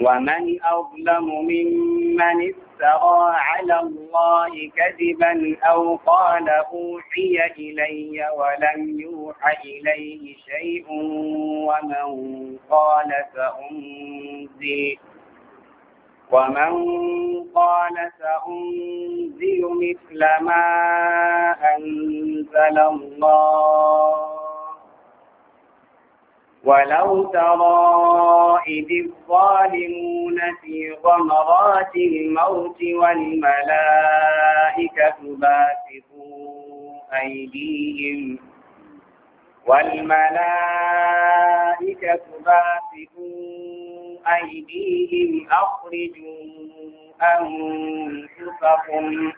ومن أظلم ممن افترى على الله كذبا أو قال أوحي إلي ولم يوحى إليه شيء ومن قال فأنزل ومن قال سأنزل مثل ما أنزل الله ولو ترى إذ الظالمون في غمرات الموت والملائكة باسطوا أيديهم والملائكة باسطوا أيديهم أخرجوا أنفسكم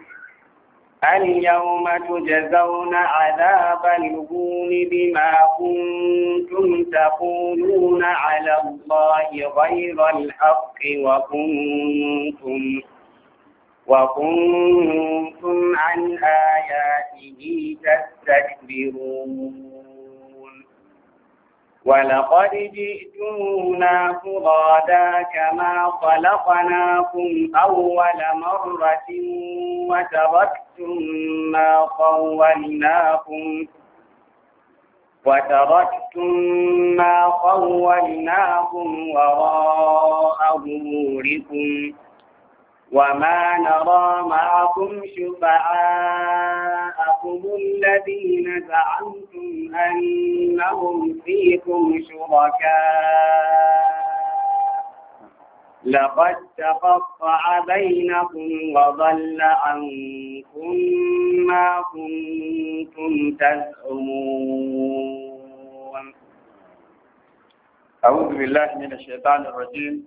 اليوم تجزون عذاب الهون بما كنتم تقولون على الله غير الحق وكنتم وكنتم عن آياته تستكبرون ولقد جئتمونا فرادا كما خلقناكم أول مرة وتركتم ما خولناكم وتركتم ما خولناكم وراء ظهوركم وما نرى معكم شفعاءكم الذين زعمتم أنهم فيكم شركاء لقد تقطع بينكم وضل عنكم ما كنتم تزعمون أعوذ بالله من الشيطان الرجيم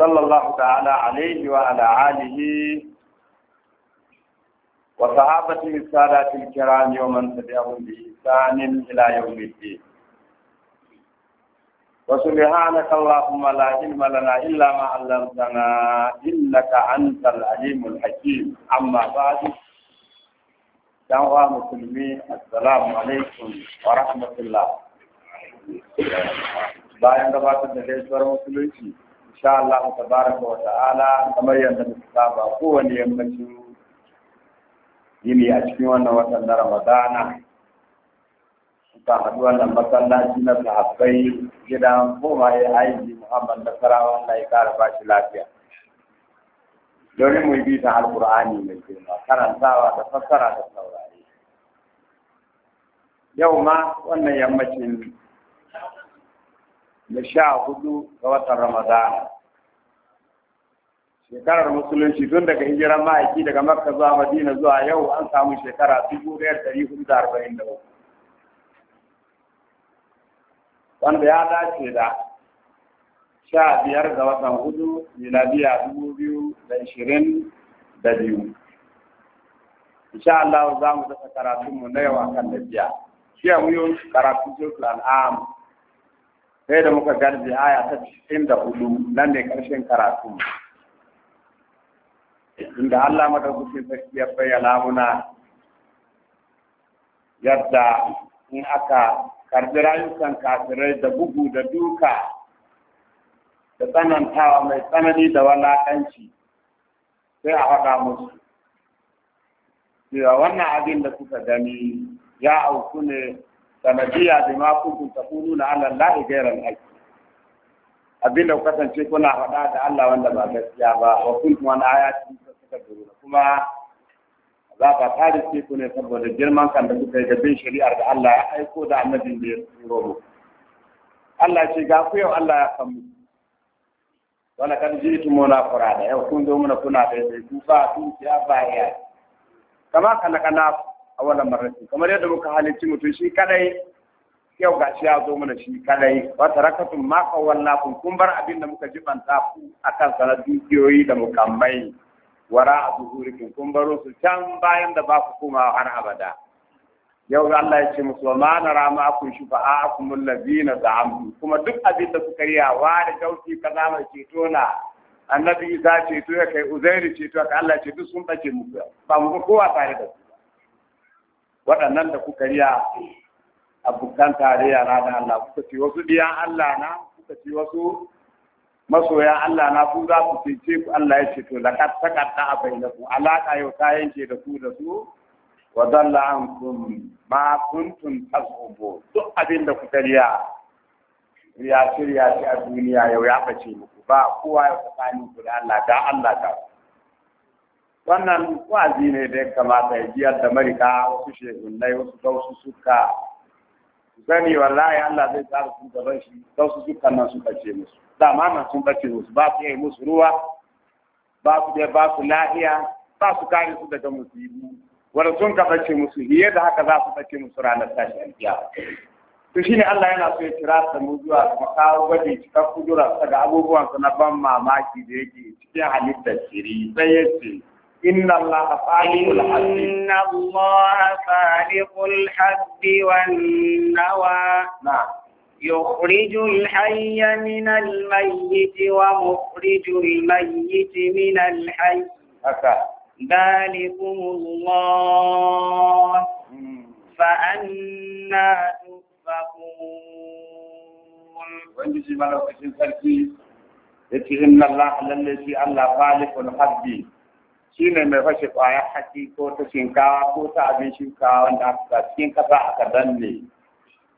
sallallahu ta'ala alaihi wa ala alihi wa sahabati sadati al-kiram wa man tabi'ahum bi ihsan ila yawm al-din wa subhanaka allahumma la ilma lana illa ma 'allamtana innaka antal alimul hakim amma ba'du dan wa muslimi assalamu alaikum wa rahmatullah bayan da ba gabatar da gaisuwar musulunci insha Allah tabaraka wa ta'ala kamar yadda muka saba kowane yammacin yini a cikin wannan watan na Ramadana suka haɗu wannan masallaci na sahabbai gidan komaye aiki Muhammad da Sarawa Allah ya kara ba shi lafiya domin mu bi ta alkur'ani mai girma karantawa da fassara da saurare yau ma wannan yammacin da sha hudu ga watan Ramadana. Shekarar Musulunci tun daga hijiran ma'aiki daga Makka zuwa Madina zuwa yau an samu shekara dubu ɗaya da ɗari hudu da arba'in da uku. Wanda ya dace da sha biyar ga watan hudu miladiya dubu biyu da ishirin da biyu. Insha Allah za mu dasa karatunmu na yau akan lafiya. Shi mu yi karatu Jotul Al'amu. sai da muka garbi aya ta cikin da hudu nan ne karshen karatu inda Allah madaukakin sarki ya bayyana muna yadda in aka karbi rayukan kafirai da bugu da duka da tsanantawa mai tsanani da walakanci sai a faɗa musu cewa wannan abin da kuka gani ya auku ne sanadiyya da ma kuntum taquluna ala allahi ghayra al abin da kasance kuna faɗa da Allah wanda ba gaskiya ba wa kuntum an ayati tastakbiruna kuma za ka tare ce ku ne saboda girman kan da kuka yi ga bin shari'ar da Allah ya aiko da annabin da ya turo mu Allah ce ga ku yau Allah ya kamu wala kan ji tu mona da yau kun zo muna kuna da su ba tun ya ba ya kama kana kana wannan marasi kamar yadda muka halicci mutum shi kadai yau ga shi ya zo mana shi kadai wa tarakatun ma qawallakum kun bar abin da muka banta ku akan sana dukiyoyi da mukammai wara a zuhurikin kun su can bayan da ba ku koma har abada yau Allah ya ce musu ma na rama kun shi fa'a kun da za'amu kuma duk abin da suka kariya wa da gauti ka zama ceto na annabi Isa ceto ya kai Uzairu ceto ka Allah ce duk sun bace musu ba mu kowa tare da su waɗannan da kuka riya abokan tarayya na da Allah kuka ce wasu biyan Allah na kuka ce wasu masoya Allah na ku za ku cece ku Allah ya ce to kat taqatta a ku. alaka yau ta yanke da ku da su wa dalla ankum ma kuntum tasubun duk abin da kuka riya riya shirya shi a duniya yau ya bace muku ba kowa ya tsakanin ku da Allah da Allah ta. ku wannan wazi ne da ya kamata ya jiyar da marika wasu shekunai wasu dausu suka sani wallahi Allah zai tsara sun gaban shi dausu suka nan sun bace musu dama nan sun bace musu ba su yi musu ruwa ba su da ba su lafiya, ba su kare su daga musibu wanda sun ka bace musu hiye da haka za su bace musu ranar tashi alkiya to shine Allah yana so ya kira ta mu zuwa ka kawo gwaji cikakku kudura daga abubuwan na ban mamaki da yake cikin halittar siri sai ya ce إن الله فالق الحب إن الله فالق الحب والنوى نعم يخرج الحي من الميت ومخرج الميت من الحي ذلكم الله فأنا تؤفكون وإن الله للذي الله خالق الحب shi ne mai fashe ƙwayar haki ko ta shinkawa ko ta abin shinkawa wanda aka cikin ƙasa aka danne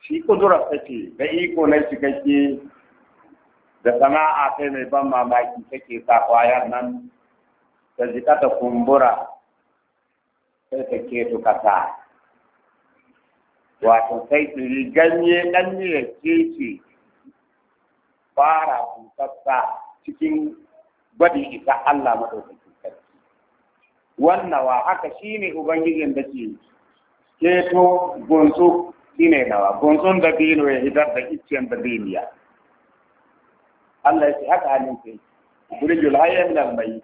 shi kudurar take da iko na cikakke da sana'a kai mai ban mamaki take sa ƙwayar nan ta jika ta kumbura sai ta keto ƙasa wato sai tsiri ganye ɗan ne ya kece fara busassa cikin gwadi isa Allah maɗaukaki wannawa haka shi ne ubangijin da ke keto gonsu shi ne nawa gonsun da dino ya hidar da iccen da diniya Allah ya ce haka halin sai burjul hayyan nan mai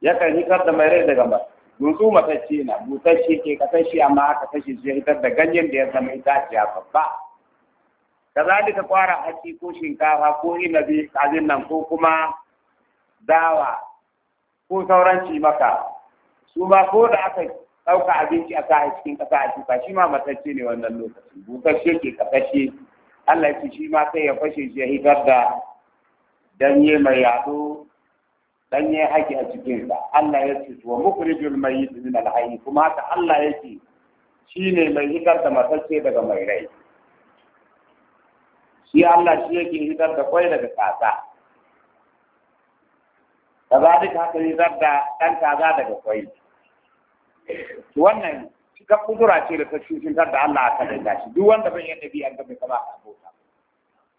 yakan hitar da mai rai daga ba gonsu matacce na butacce ke kasashe amma aka kashe shi hitar da ganyen da ya zama itaciya babba kazalika kwara haci ko shinkafa ko inabi abin nan ko kuma dawa ko sauranci maka su ma ko da aka ɗauka abinci a sa cikin ƙasa a cikin shi ma matacce ne wannan lokacin busasshe ke ƙasashe Allah ya ce shi ma sai ya fashe shi ya hitar da danye mai yaɗo danye haƙi a cikinsa Allah ya ce wa mukrijul mayyit min al-hayy kuma ta Allah ya ce shi ne mai hitar da matacce daga mai rai shi Allah shi yake hitar da kwai daga kasa ka za duka haka zarda ɗan kaza daga kwai wannan cikar kudura ce da ta cutar da Allah a ta da shi duk wanda bai yadda bi an mai kama a bauta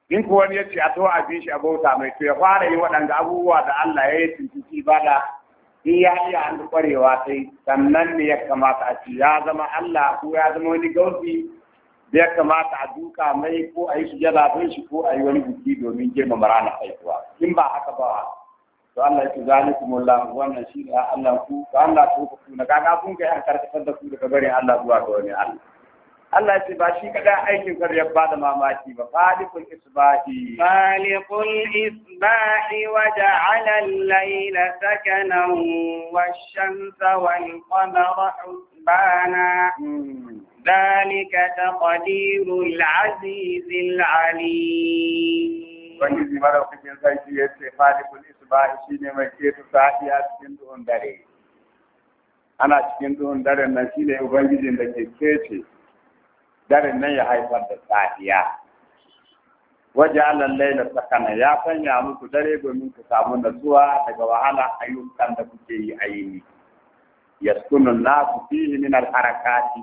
in kuwa wani yace a to a bi shi a bauta mai to ya fara yi waɗanda abubuwa da Allah ya yi ba bada in ya iya an kwarewa sai sannan ne ya kamata a ci ya zama Allah ko ya zama wani gauzi da ya kamata a duka mai ko a yi su don shi ko a yi wani biki domin girmama ranar haihuwa in ba haka ba to Allah ya zalikum Allah wannan shi ne Allah ku to Allah ku ku na kaga kun kai an karkatar da ku daga barin Allah zuwa ga wani Allah Allah ce ba shi kada aikin kar ya bada mamaki ba falikul isbahi falikul isbahi wa ja'ala al-layla sakanan wash-shamsa wal-qamara husbana ذلك تقدير العزيز العليم ubangiji maraukakin sarki ya ce falikul shi ne mai ketu safiya cikin duhun dare ana cikin duhun daren nan ne ubangijin da ke kece daren nan ya haifar da safiya waje alal laila sakana ya sanya muku dare domin ku samu natsuwa daga wahala ayyukan da kuke yi a yini yaskunu nasu fihi min al harakati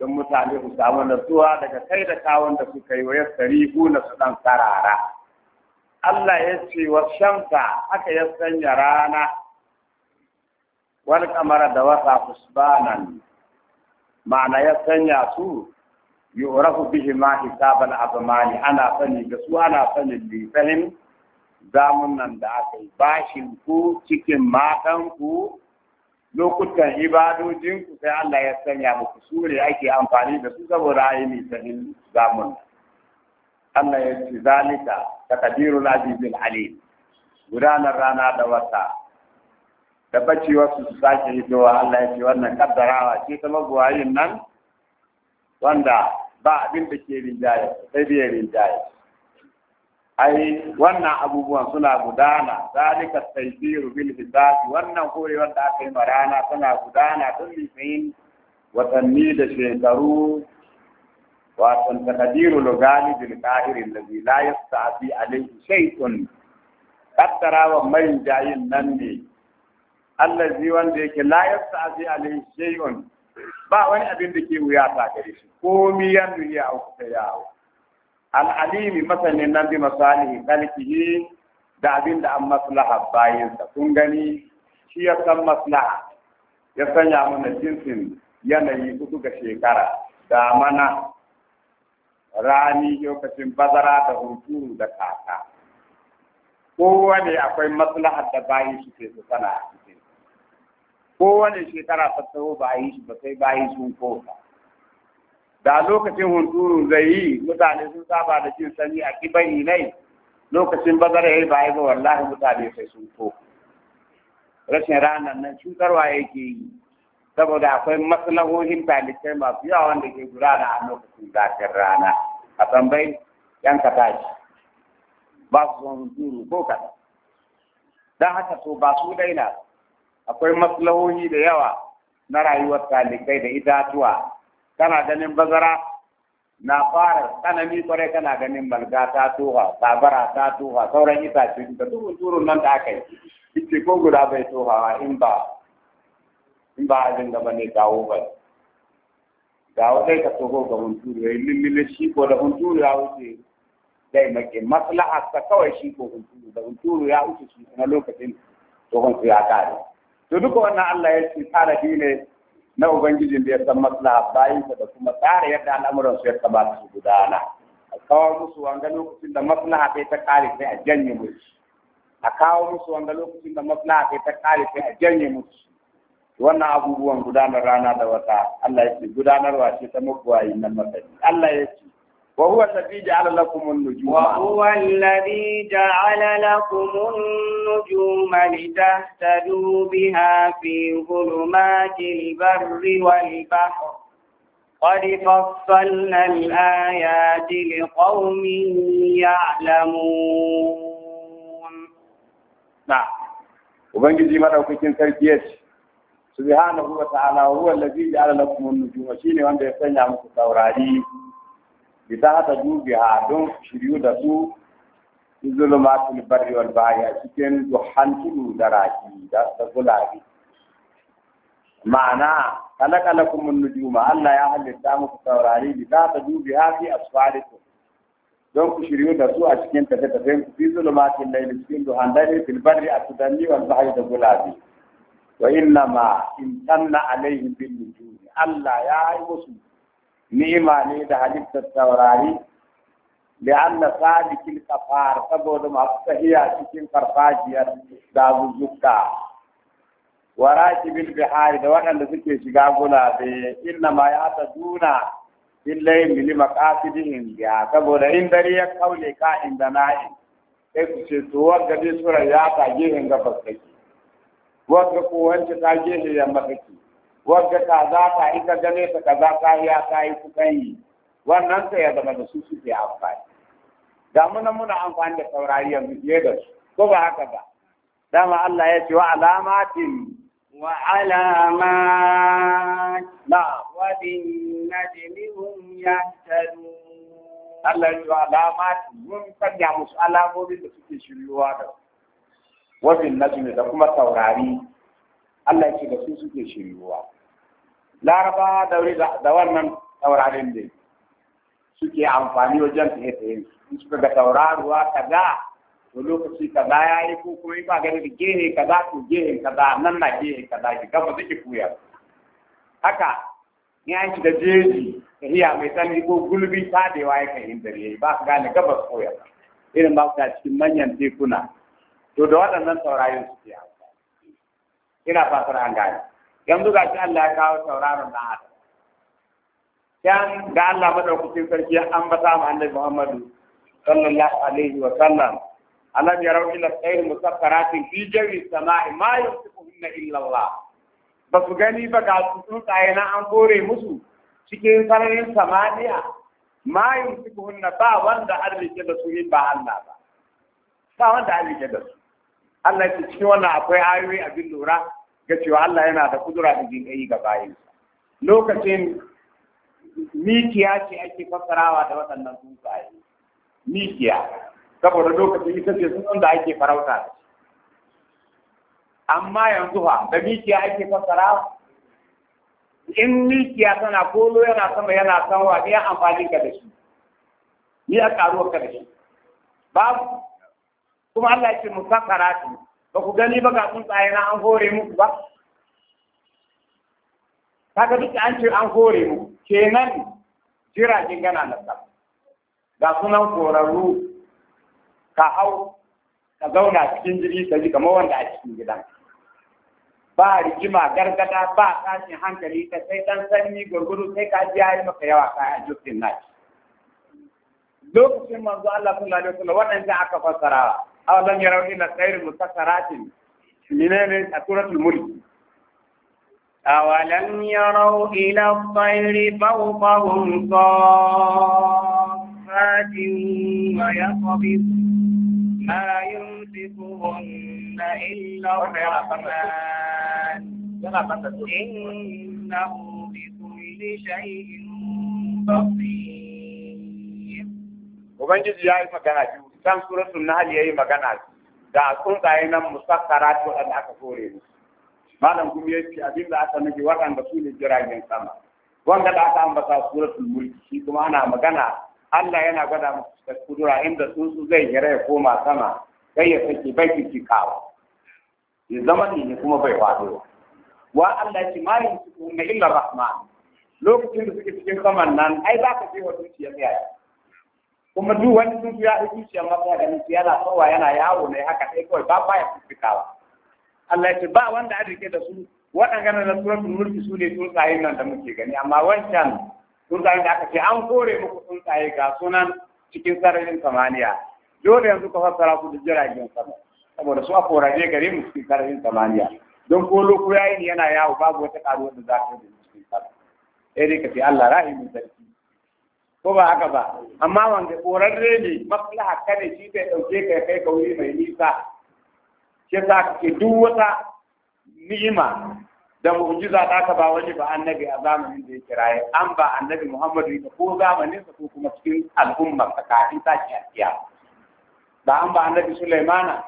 don mutane su samu natsuwa daga kai da kawon da suka yi wa yassari na su ɗan sarara. Allah ya ce wa shamsa haka ya sanya rana wani kamar da wata fusbanan ma'ana ya sanya su urafu bihi ma hisabal abmani ana sani da su ana sani bi zamun nan da aka yi bashin ku cikin matan ku lokutan ibadojinku sai Allah ya sanya muku sure ake amfani da su saboda ayi nisanin zamun Allah ya ce zalika taqdirul azizul alim gudanar rana da wata da wasu su sake hidowa Allah ya ce wannan kaddarawa ce ta magoyin nan wanda ba abin da ke rinjaye sai biya rinjaye ai wannan abubuwan suna gudana zalika taysiru bil hisab wannan kore wanda aka yi marana suna gudana tun lifin watanni da shekaru wato takadiru lugali bil qahir alladhi la yasta'fi alayhi shay'un qaddara wa mai jayin nan ne allazi wanda yake la yasta'fi alayhi shay'un ba wani abin da ke wuya ta gare shi komi yan duniya auku ta yawo al'alimi masanin nan bi masalihi kalkihi da abin da an maslaha bayansa kun gani shi ya san maslaha ya sanya mana jinsin yanayi uku ga shekara da mana rani lokacin bazara da hunturu da kaka kowane akwai maslahar da bayan shi ke su sana a cikin kowane shekara ta taho bayan shi ba sai bayan sun kofa. da lokacin hunturu zai yi mutane sun saba da jin sanyi a kiban inai lokacin bazara yi ba ba wallahi mutane sai sun ko rashin ranar nan cutarwa yake yi saboda akwai maslahohin talibai masu yawa wanda ke gudana a lokacin zafin rana a tambayi yan ka ba su son hunturu ko kaɗan don haka to ba su daina akwai maslahohi da yawa na rayuwar talibai da itatuwa kana ganin bazara na fara tsanani kwarai kana ganin malga ta toha sabara ta toha sauran itace da dukkan turun nan da aka yi ice ko guda bai tohawa in ba in ba abin da bane kawo ba ga wadai ka toho ga hunturu ya yi lullule shi ko da hunturu ya wuce zai make maslaha ta kawai shi ko hunturu da hunturu ya wuce shi na lokacin tohon su ya kare to duka wannan Allah ya ce tsara ne na ubangijin da ya san maslaha bayinsa da kuma tsara yadda al'amuran su ya taba su gudana a kawo musu wanga lokacin da maslaha sai ta kare sai a janye musu a kawo musu wanga lokacin da maslaha sai ta kare sai a janye musu wannan abubuwan gudanar rana da wata Allah ya ce gudanarwa ce ta mabuwayi nan masani Allah ya ce وهو الذي جعل لكم النجوم وهو الذي جعل لكم النجوم لتهتدوا بها في ظلمات البر والبحر قد فصلنا الآيات لقوم يعلمون نعم وبنجي ما لو كنت تركيت سبحانه وتعالى هو الذي جعل لكم النجوم شيني وانت يسنع مكتوراري bita ta ha don shiryu da su zulumatul barri wal bahri a cikin duhan tudu da raki da gulabi ma'ana kalakalakum nujuma Allah ya halitta muku saurari bita ta ha fi asfalikum don ku shiryu da su a cikin tafe tafe ku fi zulumatul layl cikin duhan dare fil barri a wal bahri da gulabi wa inna ma in tanna alaihim bin nujumi Allah ya yi musu ni'ima ne da halittar taurari li'anna sabiqil kafar saboda masu tahiya cikin farfajiyar dazuzzuka wa rakibil bihari da waɗanda suke shiga gulabe inna ma ya ta duna illai mili maqasidihim ya saboda in dare ya kaule ka inda na'in sai su ce to wanga dai sura ya ta gehen gabas take wanga ko wanda ta gehe yamma take wadda za ka yi ka gane ka kaza kariya ka yi kukan yi wannan ta ya zama da su suke amfani da muna muna amfani da saurari yanzu fiye da su ko ba haka ba dama Allah ya ce wa alamatin wa alamat na wa bin najmihum yahtadun Allah ya ce wa alamatin mun sanya musu alamomin da suke shiryuwa da wadin na najmi da kuma saurari Allah ce da su suke shiryuwa laraba wuri da wannan taurarin ne suke amfani wajen ta hita yin in suka ga tauraruwa kaza to lokaci kaza ya yi ko kuma ba gani da gehe kaza to gehe kaza nan na gehe kaza ki gaba suke kuyar haka ni an ci da jeji tahiya mai sani, ko gulbi ta tadewa ya kan hindar yayi ba ka gane gabas koyar irin ba su cikin manyan tekuna to da waɗannan taurarin suke yawa. ina fatar an gane yanzu ga shi Allah ya kawo tauraron dan adam yan ga Allah madaukakin sarki an ambata mu annabi Muhammadu sallallahu alaihi wa sallam alam yarau ila khair musaffaratin fi jawi samai ma yumsikuhunna illa Allah ba su gani ba ga su na an kore musu cikin sararin samaniya ma yumsikuhunna ba wanda arzike da su ba Allah ba ba wanda arzike da su Allah ya cikin wannan akwai ayoyi abin lura ga cewa Allah yana da kudura da jinƙayi ga bayin. lokacin mikiya ce ake fassarawa da waɗannan tsuntsaye mikiya saboda lokacin ita ce tsuntsun da ake farauta da amma yanzu ha da mikiya ake fassarawa in mikiya tana kolo yana sama yana sanwa ne amfani ka da shi ni a karuwa ka da shi babu kuma Allah ya ce mu ba ku gani ba ga tsuntsaye na an hore muku ba kaga duk an ce an hore mu kenan jiragen gana na sa ga sunan korarru ka hau ka zauna cikin jiri ka ji kamar wanda a cikin gidan ba rigima gargada ba tashin hankali ta sai dan sanyi gurguru sai ka ji yayi maka yawa a jirgin naki lokacin manzo Allah sallallahu alaihi wasallam waɗanda aka fassara أولم يروا إلى الطير المتسرات من سورة الملك أولم يروا إلى الطير فوقهم صافات ويقبض ما يمسكهن إلا الرحمن إنه بكل شيء بصير وبنجد يا إسمك can suratul nahl yayi magana da tsuntsaye nan musakkaratu waɗanda aka kore ni. malam kuma yace abin da aka nufi waɗanda su ne jiragen sama wanda da aka ambata suratul mulki shi kuma ana magana Allah yana gwada musu kudura inda tsuntsu zai hira ya koma sama sai ya sake bai ki kawo ya zama ne kuma bai faɗo wa Allah ce ma su illa rahman lokacin da suke cikin kaman nan ai za ka je wa zuciya tsaya kuma duk wani sun ya yi zuciya masa ganin su yana tsawa yana yawo ne haka sai kawai ba ba ya fifikawa Allah ya ce ba wanda an da su waɗannan na suratul mulki su ne tsuntsaye nan da muke gani amma wancan tsuntsayen da aka ce an kore muku tsuntsaye ga sunan cikin sararin samaniya dole yanzu ka fassara ku da jiragen sama saboda su a korage gare mu cikin sararin samaniya don ko loko yayin yana yawo babu wata karuwar da za ta yi cikin sama sai dai ka ce Allah rahimin sarki ko ba haka ba amma wanda korarre ne maslaha kane shi zai ɗauke ka kai ka wuri mai nisa shi yasa ke duk wata ni'ima da mu'jiza da ka ba wani ba annabi a zamanin da ya kiraye an ba annabi Muhammadu ne ko zamanin sa ko kuma cikin al'umma tsakanin ta kiyaye ba an ba annabi Sulaimana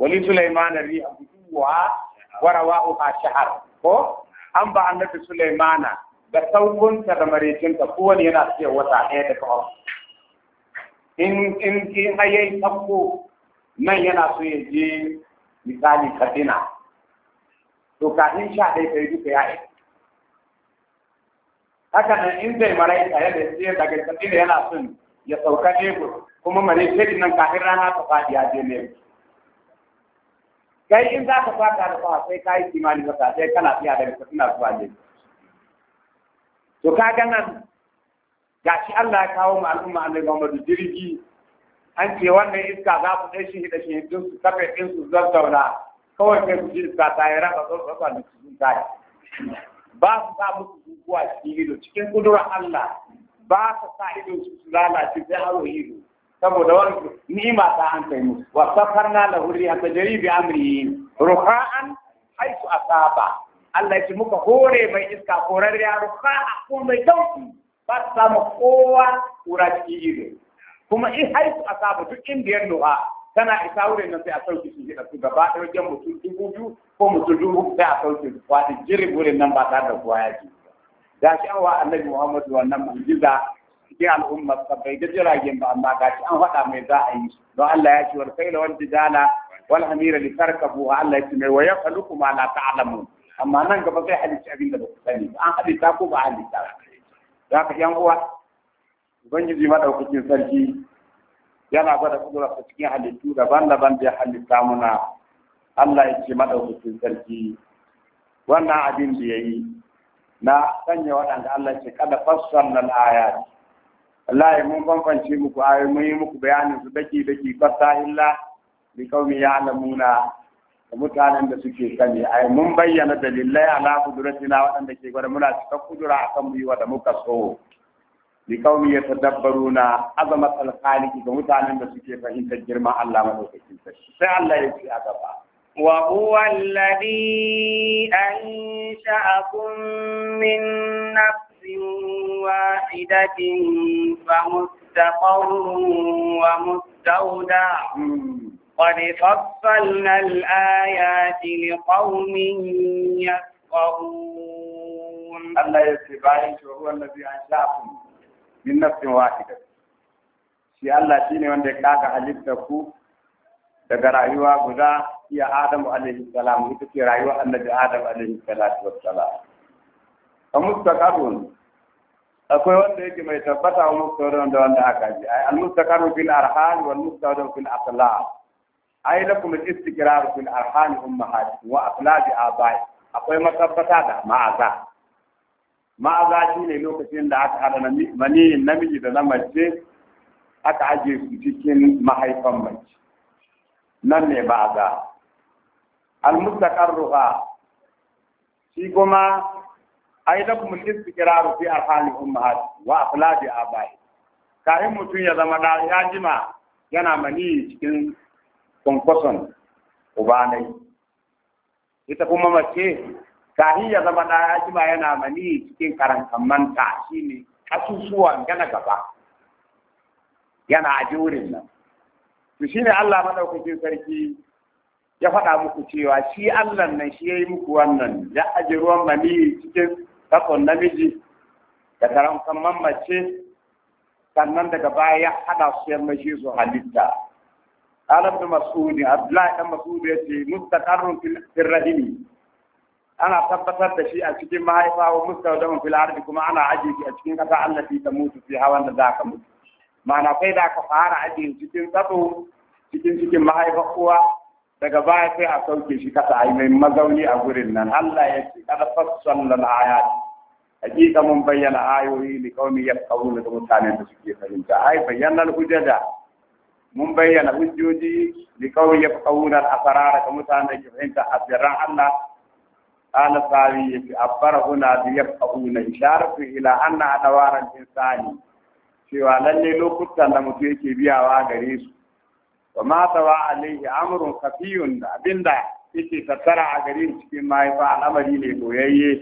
wali Sulaimana ri abuwa warawa uha shahar ko an ba annabi Sulaimana da saukunta da marecinta kowane yana cikin wata ɗaya da kawai in in in hayayi sauko nan yana so ya je misali kadina to in sha ɗaya ta yi duka ya yi haka nan in zai maraita yadda ya daga kadina yana son ya sauka lebur kuma marecin nan kafin rana ta faɗi ya je lebur kai in za ka fata da fa sai ka yi kimanin wata sai kana fiya da suna zuwa lebur to ka kaga nan shi Allah ya kawo mu al'umma annabi Muhammadu jirgi an ce wannan iska za ku dai shi da shi din su kafe din su zartauna kawai kai ku ji iska ta yi raba ba da cikin kai ba su sa musu guguwa cikin ido cikin kudura Allah ba su sa ido su lalace sai haro ido saboda wani ni'ima ta an kai musu wa safarna lahu rihan jaribi bi amri ruha'an haitsu asaba Allah ya muka hore mai iska horar yaro ka a mai dauki ba su samu kowa kura ciki ido kuma in har a asaba duk indiyar duha tana isa wurin nan sai a sauke su da su gaba da wajen mutum dubu biyu ko mutum dubu sai a sauke su wata jirin wurin nan ba ta da kowa ya ji da shi an wa annabi muhammadu wannan mu'jiza cikin al'umma, ta bai da jiragen ba amma ga shi an faɗa mai za a yi don Allah ya ce sai da wal jidala wal hamira li tarkabu Allah ya ce mai wa yakhluqu ma la ta'lamun amma nan gaba zai halitta abin da ba ku sani ba an halitta ko ba halitta ba za ka yan uwa ubangiji madaukakin sarki yana gwada kudura ta cikin halittu daban-daban da ya halitta muna Allah ya ce madaukakin sarki wannan abin da ya yi na sanya waɗanda Allah ce kada fassar nan ayat wallahi mun bambance muku ayoyi mun yi muku bayanin su daki daki fasahilla illa kaumi ya'lamuna mutanen da suke sani ai mun bayyana dalilai ala kudratina waɗanda ke gwada muna cika kudura akan mu yi wa da muka so li kaumi yatadabbaruna azamat al-khaliq ga mutanen da suke fahimtar girman Allah madaukakin sarki sai Allah ya ce a gaba وهو الذي أنشأكم من نفس واحدة فمستقر ومستودع قد فصلنا الآيات لقوم يفقهون الله يتبعي وهو الذي أنشأكم من نفس واحدة shi Allah shi ne wanda ya kaga halitta ku daga rayuwa guda iya Adamu alaihi salam ita ce rayuwa annabi Adam alaihi salatu wassalam fa mustaqarrun akwai wanda yake mai tabbata wa mustaqarrun wanda aka ji al mustaqarru fil arham wal mustaqarru fil aqlab ai lakum al-istiqrar fil arham ummahat wa aflad abai akwai matabbata da ma'aza ma'aza shine lokacin da aka hada mani namiji da na mace aka aje su cikin mahaifan mace nan ne ba'aza. al-mustaqarruha shi kuma ai lakum al-istiqrar fi arham ummahat wa aflad abai kai mutum ya zama da ya jima yana mani cikin kwankwason ubanai ita kuma mace kahi ya zama da ya jima yana mani cikin karankan manta ne kasusuwan gana gaba yana a jurin nan to shi ne Allah madaukakin sarki ya faɗa muku cewa shi Allah nan shi yayi muku wannan ya ajiye ruwan mani cikin kakon namiji da karankan mace sannan daga baya ya haɗa su yamma shi su halitta قال ابن مسعود عبد الله بن مسعود يتي مستقر في الرحم انا tabbatar da shi a cikin mahaifa wa mustawdamun fil ardi kuma ana aje a cikin kasa allati ta mutu fi hawan da zaka mutu ma'ana kai da ka fara aje cikin tsaro cikin cikin mahaifa kuwa daga baya sai a sauke shi kasa ai mai mazauni a gurin nan Allah ya ce kada fassala ayat hakika mun bayyana ayoyi li qaumi yafqahuna da mutanen da suke fahimta ai bayyana al mun bayyana hujjoji li kawai ya a asarara ga mutanen da ke fahimta asirin Allah ana sawi ya fi abbara huna bi ya kawuna sharfi ila anna adawaran insani cewa lalle lokutan da mutum yake biyawa gare su wa ma tawa alaihi amrun kafiyun da abinda yake tattara a gare cikin mahaifa al'amari ne boyayye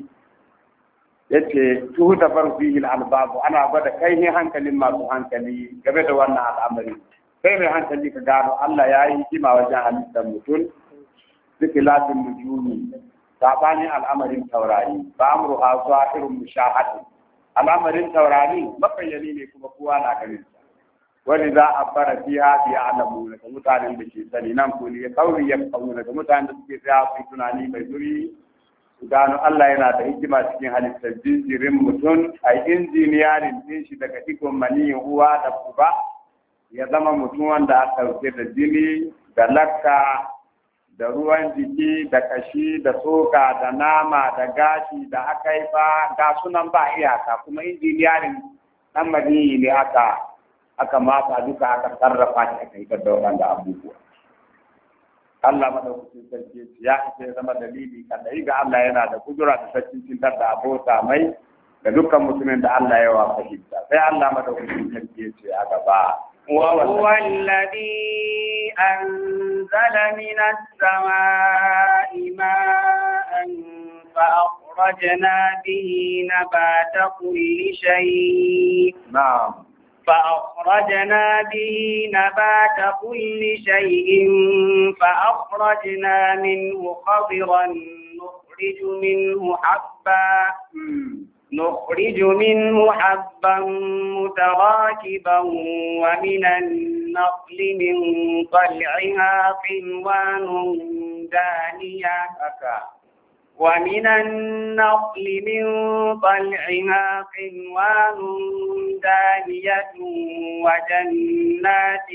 yace tuhu da farfihil albabu ana gwada kai ne hankalin masu hankali game da wannan al'amari Sai mai hankali ka gano Allah ya yi hikima wajen halittar mutum zikilafin mujuni sabanin al'amarin taurari ba amru ha zuwa irin mushahadin al'amarin taurari mafayyani ne kuma kowa na ganin wani za a fara fiha bi alamu daga mutanen da ke sani nan ko ne kauri ya kawo daga mutanen da suke tsaya su tunani mai duri su gano Allah yana da hikima cikin halittar jinjirin mutum a injiniyarin ɗin shi daga ikon maniyin uwa da kuba ya zama mutum wanda aka rufe da jini da lakka da ruwan jiki da kashi da tsoka da nama da gashi da aka yi ba ga sunan ba iyaka kuma injiniyarin dan madiyi ne aka aka mata duka aka sarrafa shi aka yi da da abubuwa Allah madaukakin sarki ya ce zama dalili kaɗai ga Allah yana da kudura da sarkin da abota mai da dukkan mutumin da Allah ya wa fahimta sai Allah madaukakin sarki ya ce a gaba وهو الذي أنزل من السماء ماء فأخرجنا به نبات كل شيء نعم فأخرجنا به نبات كل شيء فأخرجنا منه خضرا نخرج منه حبا نخرج منه حبا متراكبا ومن النقل من طلعها قنوان دانية ومن النقل من طلعها قنوان دانية وجنات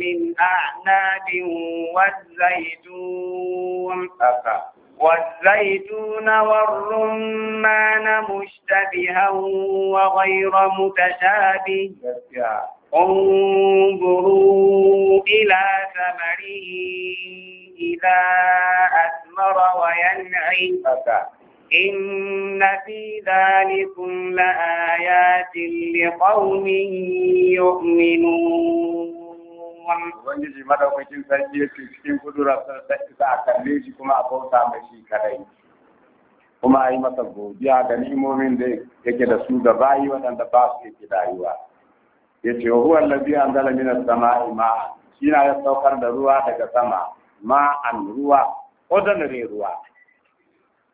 من أعناب والزيتون أكا. والزيتون والرمان مشتبها وغير متشابه انظروا إلى ثمره إذا أثمر وينعي إن في ذلكم لآيات لقوم يؤمنون wani ubangiji madaukakin sarki yake cikin kudura ta isa a kalle shi kuma a bauta mai shi kadai kuma a yi masa godiya ga ni'imomin da yake da su da bayi waɗanda ba su yake rayuwa. ya ce wa huwa allazi anzala minas sama'i shi na ya saukar da ruwa daga sama an ruwa ordinary ruwa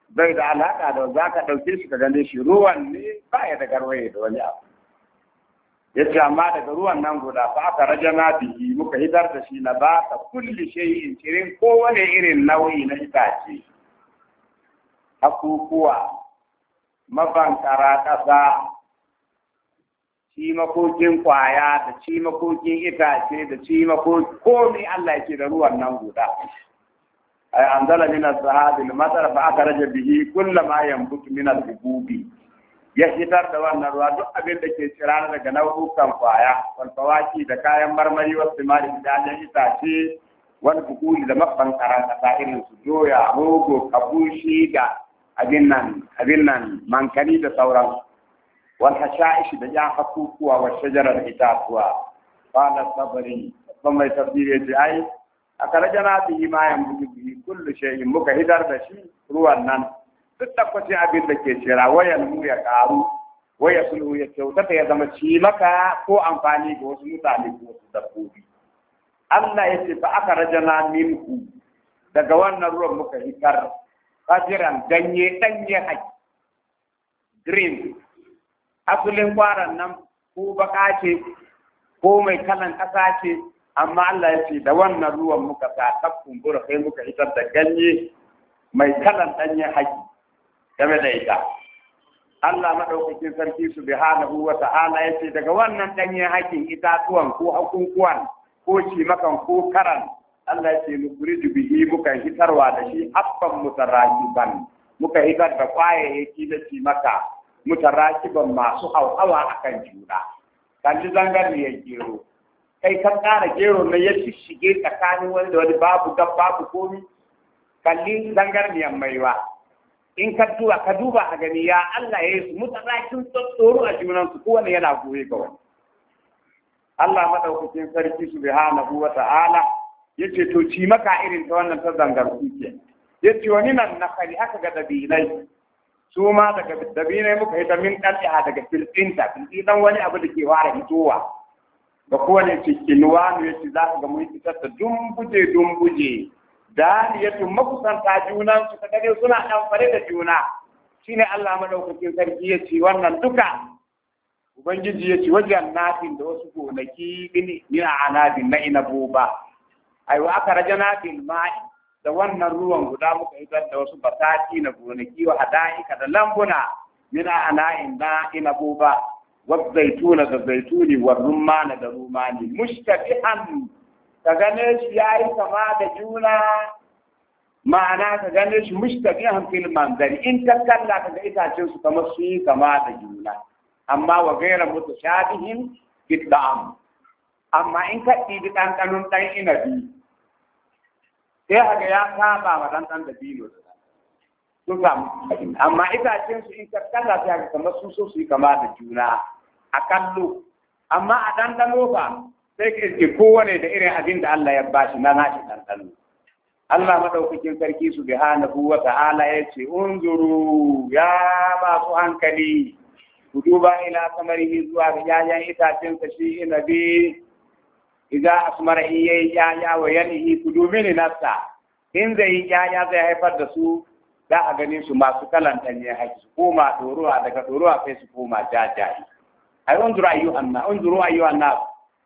bai da alaƙa da za ka ɗauke shi ka gane shi ruwan ne ba ya da garwaye da wani abu Ya ce amma daga ruwan nan guda fa aka raja na bihi muka hidar da shi na ba ta kulli shay'in cirin kowane irin nau'i na itace akukuwa mabankara ƙasa ci makokin kwaya da ci makokin itace da ci makokin komai Allah yake da ruwan nan guda ay anzala min as-sahabi al-matar fa akhraja bihi kullama yanbutu min al-hububi ya hitar da wannan ruwa duk abin da ke tsirana daga nau'ukan kwaya kwalfawaki da kayan marmari wasu simari da itace wani bukuli da mabankaran ƙasa irin su doya rogo kabushi ga abin nan abin nan mankani da sauran Wani hashaishi da ya kuwa wa shajarar itatuwa qala sabari babban mai tafsiri ji ai akalajana bihi ma yambuji kullu shay'in muka hitar da shi ruwan nan duk da kwace abin da ke shira wayan ya karu waya sulhu ya kyautata ya zama ci maka ko amfani ga wasu mutane ko wasu dabbobi Allah ya ce fa aka rajana minku daga wannan ruwan muka hitar fajiran ganye danye haki green asulin kwaran nan ko baka ce ko mai kalan ƙasa ce amma Allah ya ce da wannan ruwan muka sa ta kumbura sai muka hitar da ganye mai kalan danye haki game da ita Allah madaukakin sarki subhanahu wa ta'ala yace daga wannan ɗanyen hakin itatuwan ko hakunkuwan ko cimakan ko karan Allah yace nukuriju bihi muka hitarwa da shi abban mutarakiban muka hitar da kwayayyaki na cimaka mutarakiban masu hauhawa akan juna kan ji zangar ne ya gero kai kan ƙara gero na ya shige tsakanin wani da wani babu gab babu komi kalli zangarniyar maiwa in ka duba ka duba a gani ya Allah ya yi su mutarakin tsoro a junan su kowane yana goye ga wani Allah madaukakin sarki subhanahu wa ta'ala yace to ci maka irin ta wannan ta zangar kuke yace wani nan na kari haka ga dabinai su ma daga dabinai muka yi ta min ɗanɗiha daga filɗinta filɗin wani abu da ke fara fitowa ga kowane cikin wani ya ce za ka ga mun fitar da dumbuje dumbuje daniyatu makusanta junan su kaga suna amfani da juna shine Allah madaukakin sarki ya ce wannan duka ubangiji ya ce wajen nafin da wasu gonaki bini ni a anabin na ai wa aka raja nafin ma'i da wannan ruwan guda muka hitar da wasu basati na gonaki wa hada'ika da lambuna min ana ana'in ina boba wa zaituna da zaituni wa rumana da rumani mushtabihan ka gane shi ya yi kama da juna ma'ana ka gane shi a hankali manzari in ta kalla ka ga itacen su kama su yi kama da juna amma wa gaira mutu fil da'am amma in ka ɗibi ɗanɗanon ɗan inabi sai haka ya saba wa ɗanɗan da bilo sun samu amma itacen su in ka kalla sai haka kama su so su yi kama da juna a kallo amma a ɗanɗano ba sai ka iske kowane da irin abin da Allah ya bashi na nashi ɗanɗano Allah maɗaukakin sarki su bi hana ta ta'ala ya ce unzuru ya masu hankali ku duba ila samarihi zuwa ga yayan itacensa shi inabi idan asmara iyayi yaya wa yanihi ku dubi ni nasta. in zai yi yaya zai haifar da su za a ganin su masu kalan ɗanye haƙi su koma ɗoruwa daga ɗoruwa sai su koma jajaye ai unzuru ayyuhan na unzuru ayyuhan na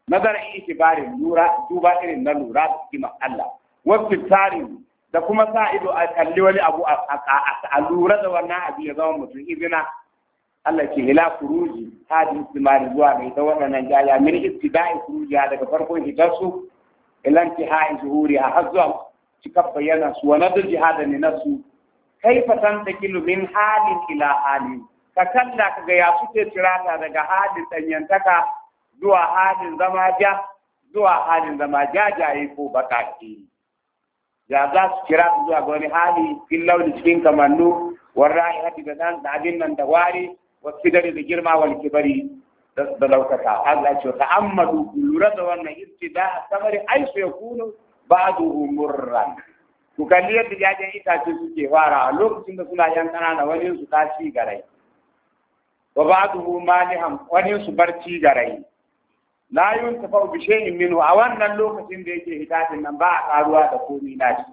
nazarin itibarin lura duba irin na lura da kima Allah wasu tarin da kuma sa ido a kalli wani abu a lura da wannan abu ya zama mutum izina Allah ke hila kuruji hadin istimari zuwa mai ta waɗannan jaya min istibai kuruji daga farkon hidarsu ilan in zuhuri a har zuwa cika bayyana su wa jihada ne nasu kai fatan ta kilo min halin ila halin ka kalla ka ga ya suke tirata daga halin danyantaka zuwa halin zama ja zuwa halin zama jajaye ko bakaki ya za su kira su zuwa gani wani hali fil launi cikin kamannu warra'i hadi da dan da nan da wari wasu sidari da girma wal kibari da laukaka Allah ce ta ammadu kullura da wannan ibtida samari aisu ya ba ba'du murran ku kalli yadda jajen itace suke fara lokacin da suna yan kanana wani su tashi garai wa ba'du maliham wani su barci garai la yuntafa bi shay'in minhu a wannan lokacin da yake hitatin nan ba a karuwa da komai na shi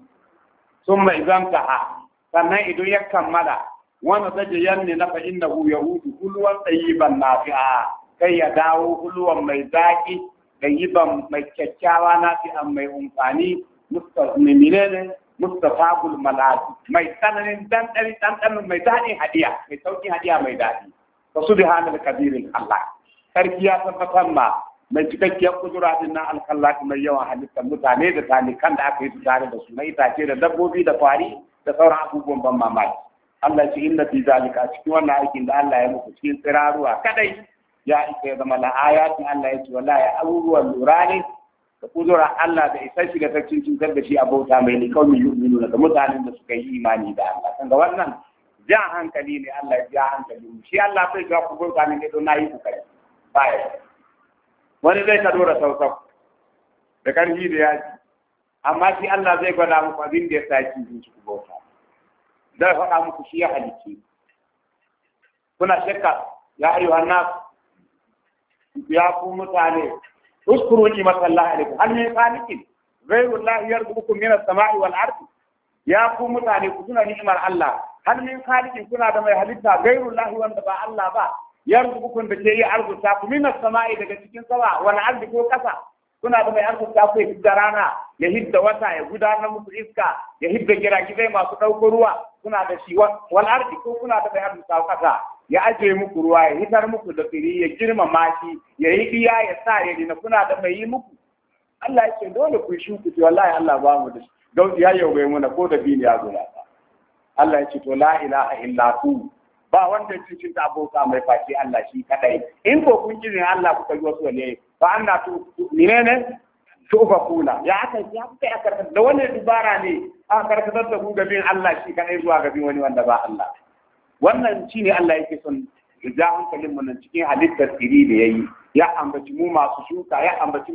summa idan taha sannan idan ya kammala wanda zaje yanni na fa innahu yahudu na tayyiban nafi'a kai ya dawo kulwan mai zaki tayyiban mai kyakkyawa nafi'an mai umfani mustafa mustafagul malati mai tsananin dandari dandanin mai daɗin hadiya mai sauƙin hadiya mai daɗi fa subhanal kabirin allah sarki ya tabbatar ma mai cikakkiyar kudura din na alkallaki mai yawan halittar mutane da talikan da aka yi tare da su na itace da dabbobi da kwari da sauran abubuwan ban mamaki Allah shi inna fi zalika cikin wannan aikin da Allah ya muku cikin tsiraruwa kadai ya isa ya zama la'ayatin Allah ya ce ya abubuwan lura ne da kudura Allah da isa shiga ta cikin da shi abota mai ni yi. yu'minu da mutanen da suka yi imani da Allah kan ga wannan ja hankali ne Allah ya ja hankali shi Allah sai ga ku ne da na yi kai wani zai ta dora sausau da karfi da yaji amma shi Allah zai gwada muku abin da ya sa ki yi shi bauta zai faɗa muku shi ya halicce kuna shakka ya ayyuhan nas ya ku mutane uskuru ni masallah alaikum hal min khaliqin ghayrullahi yarzuqukum min as-sama'i wal ardi ya ku mutane ku tuna ni'imar Allah hal min khaliqin kuna da mai halitta ghayrullahi wanda ba Allah ba yarzuqukum da ke yi arzuta ku min as-sama'i daga cikin sama wal ardi ko kasa kuna da mai arzuta ku yi rana ya hidda wata ya gudanar musu iska ya hidda gidai masu ɗauko ruwa kuna da shi wal ardi ko kuna da mai arzuta ku kasa ya aje muku ruwa ya hitar muku da tsiri ya girmama shi ya yi iya ya sa ya dina kuna da mai yi muku Allah ya ce dole ku ku ce wallahi Allah ba mu da shi gauti ya yau bai muna ko da bini ya zo Allah ya ce to la ilaha illa ku ba wanda cikin ta abota mai fashi Allah shi kadai in ko kun ji Allah ku yi wasu ne fa anna tu to fa kula ya aka ya aka da wani dubara ne a karkatar da ku gabin Allah shi kadai zuwa gabin wani wanda ba Allah wannan shi ne Allah yake son ja hankalin mu cikin halittar tsiri da yayi ya ambaci mu masu shuka ya ambaci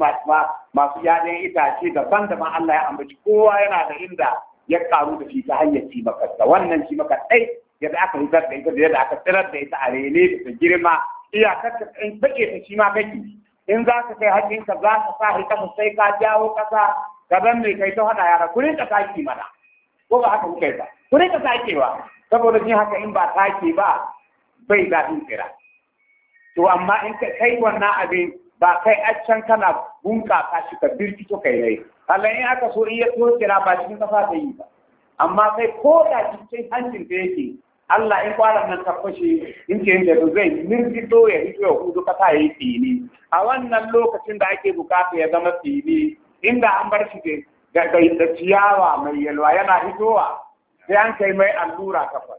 masu yayan itace daban ma Allah ya ambaci kowa yana da inda ya karu da shi ta hanyar cimakarsa wannan cimakar ɗai yadda aka hutar da ita yadda aka tsirar da ita a rene da ta girma iya ka in ta shi ma kake in za ka kai haƙin ka za ka sa ita mu sai ka jawo ƙasa ka zan mai kai ta hada yara kurin ka saki mana ko ba haka kuka yi ba kurin ka ba. saboda jin haka in ba sake ba bai in tsira to amma in ka kai wannan abin ba kai a can kana ka shi ka to kai ne Allah in aka so in ya kira ba cikin kasa ta yi ba amma sai ko da cikin hancin da yake Allah in kwanan nan ta fashe in ce da zai mirgito ya hito ya hudu kasa ya yi fili a wannan lokacin da ake bukata ya zama fili inda an bar shi da da ciyawa mai yalwa yana hitowa sai an kai mai allura kafar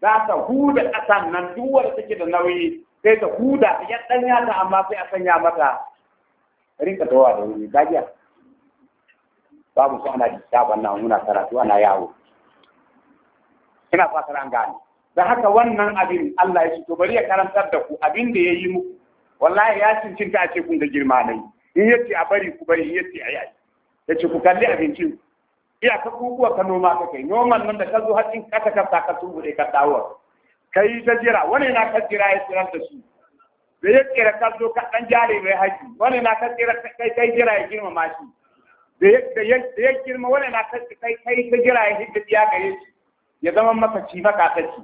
za ta huda kasan nan duwar take da nauyi sai ta huda ya danya ta amma sai a sanya mata Rika tawa da wuri gajiya babu su ana da wannan muna karatu ana yawo ina fatar an gane da haka wannan abin Allah ya ce to bari ya karantar da ku abin da ya yi muku wallahi ya cincinta a ce kun da girma nai in yace a bari ku bari in yace ayi ayi yace ku kalli abincin iya ka kukuwa ka noma ka kai noman nan da ka zo hatin kasa kasa ka tumbuɗe ka dawo kai ta jira wani na ka jira ya jira da su da ya tsira ka zo ka ɗan jare mai haji wani na ka tsira kai kai jira ya girma ma shi da ya girma wani na ka kai kai ta jira ya hidda ya gare shi ya zama maka ci maka ta ci